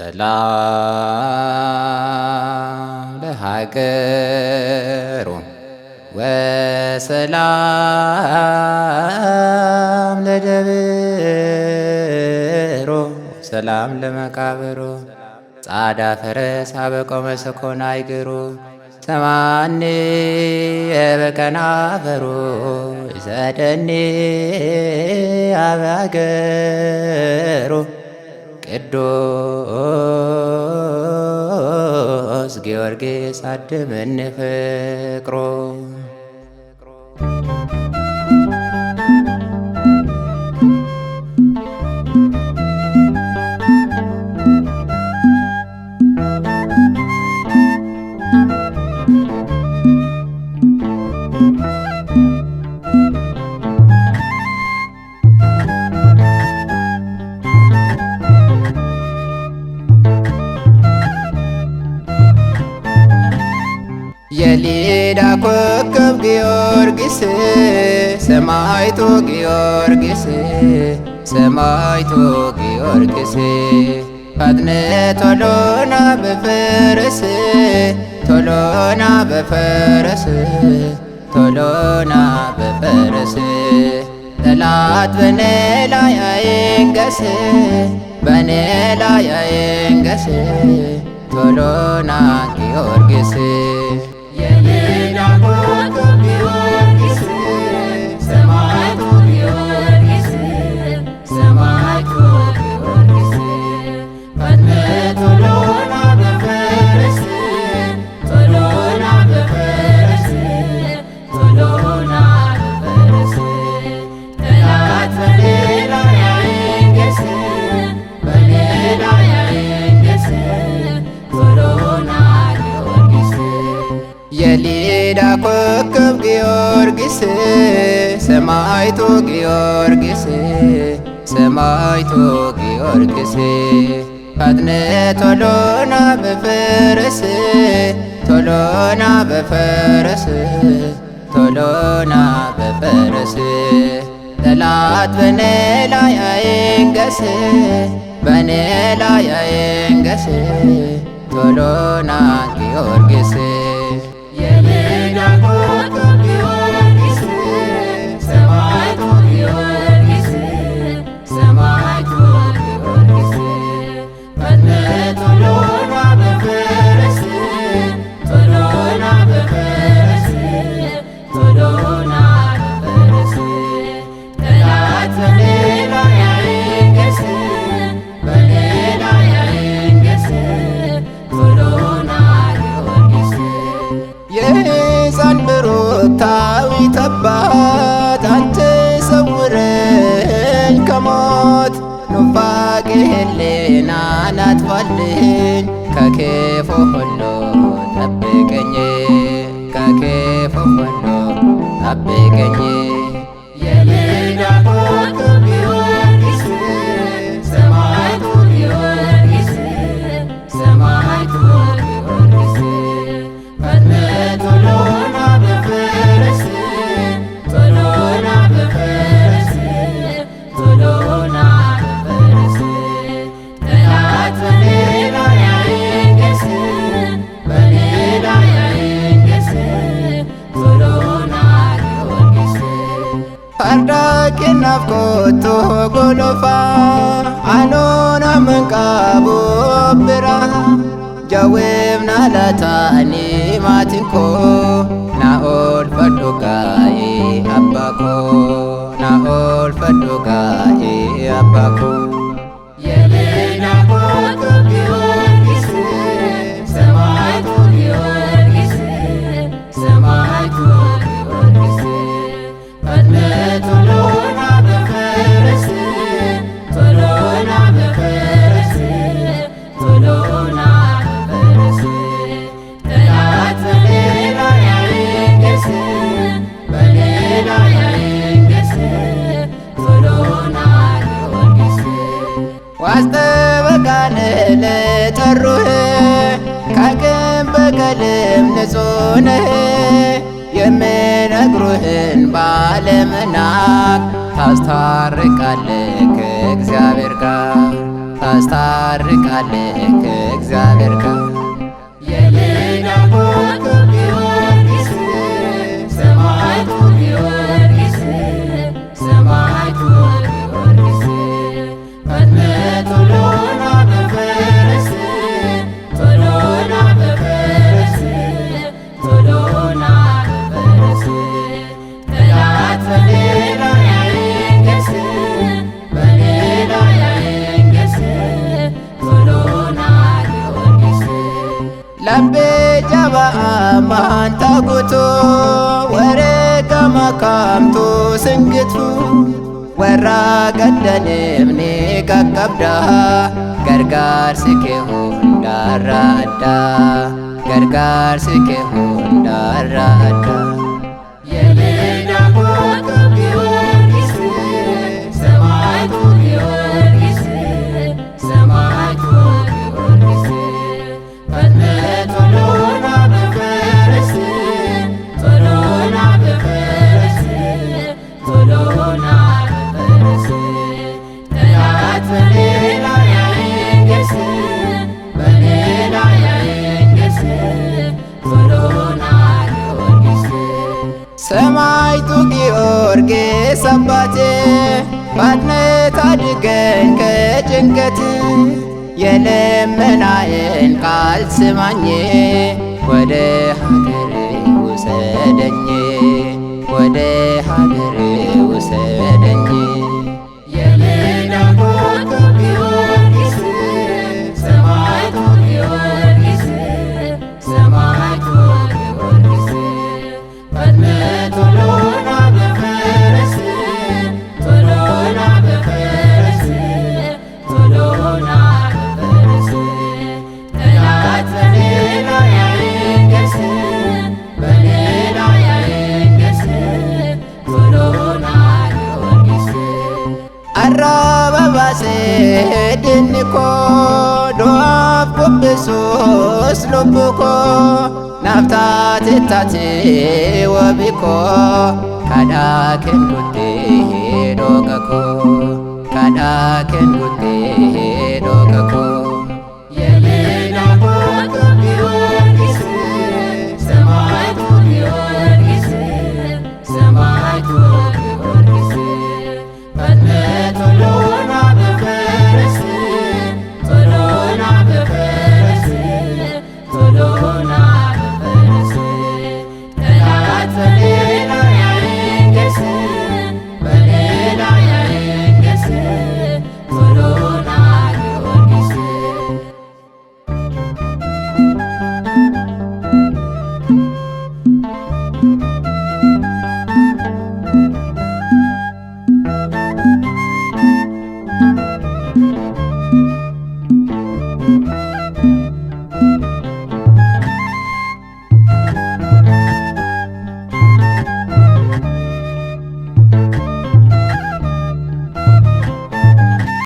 ሰላም ለሀገሩ ወሰላም ለደብሮ ሰላም ለመቃብሮ ጻዳ ፈረስ አበቆመ ሰኮና አይግሩ ሰማኒ በከናፈሩ ይሰደኒ አበገሩ ቅዱስ ጊዮርጊስ አድመን ፍቅሮ የሊዳ ኮከብ ጊዮርጊስ ሰማይቱ ጊዮርጊስ ሰማይቱ ጊዮርጊስ ፈጥነ ቶሎና በፈረስ ቶሎና በፈረስ ቶሎና በፈረስ ጠላት በኔ ላይ አይንገስ በኔ ላይ አይንገስ ቶሎና ጊዮርጊስ ኮከብ ጊዮርጊስ ሰማይቶ ጊዮርጊስ ሰማይቶ ጊዮርጊስ ፈጥነ ቶሎና በፈረስ ቶሎና በፈረስ ቶሎና በፈረስ ጠላት በኔ ላይ አይንገስ በኔ ላይ አይንገስ ቶሎና ጊዮርጊስ ከሞት ኑፋቄ ሕሊና ናጥፋልኝ ከክፉ ሁሉ ጠብቀኝ ከክፉ ሁሉ ጠብቀኝ ኮቶ ጎሎፋ አኖና መንቃቦ ብራ ጃዌብና ላታኒ ማቲንኮ ናኦል አባኮ ናኦል አባኮ በቀልም ንጹህ የምነግሩህን ባለመናቅ ታስታርቃለህ ከእግዚአብሔር ጋር ታስታርቃለህ ጀባአ ማን ታጉቱ ወሬ ከማካምቱ ስንግቱ ወራ ቀደንምኔ ቀቀብዳ ገርጋር ስኬሁ እንዳራዳ ገርጋር ስኬሁ እንዳራዳ ሰማዕቱ ጊዮርጊስ አባቴ ባድነት አድገን ከጭንቀት የልመናዬን ቃል ስማኝ ወደ ሀገር ውሰደኝ ዳሴ ድንኮ ዶፍ ቁብሱስ ሉብኮ ናብታት እታቴ ወቢኮ ካዳ ኬን ጉዴ ዶቀኮ ካዳ ኬን ጉዴ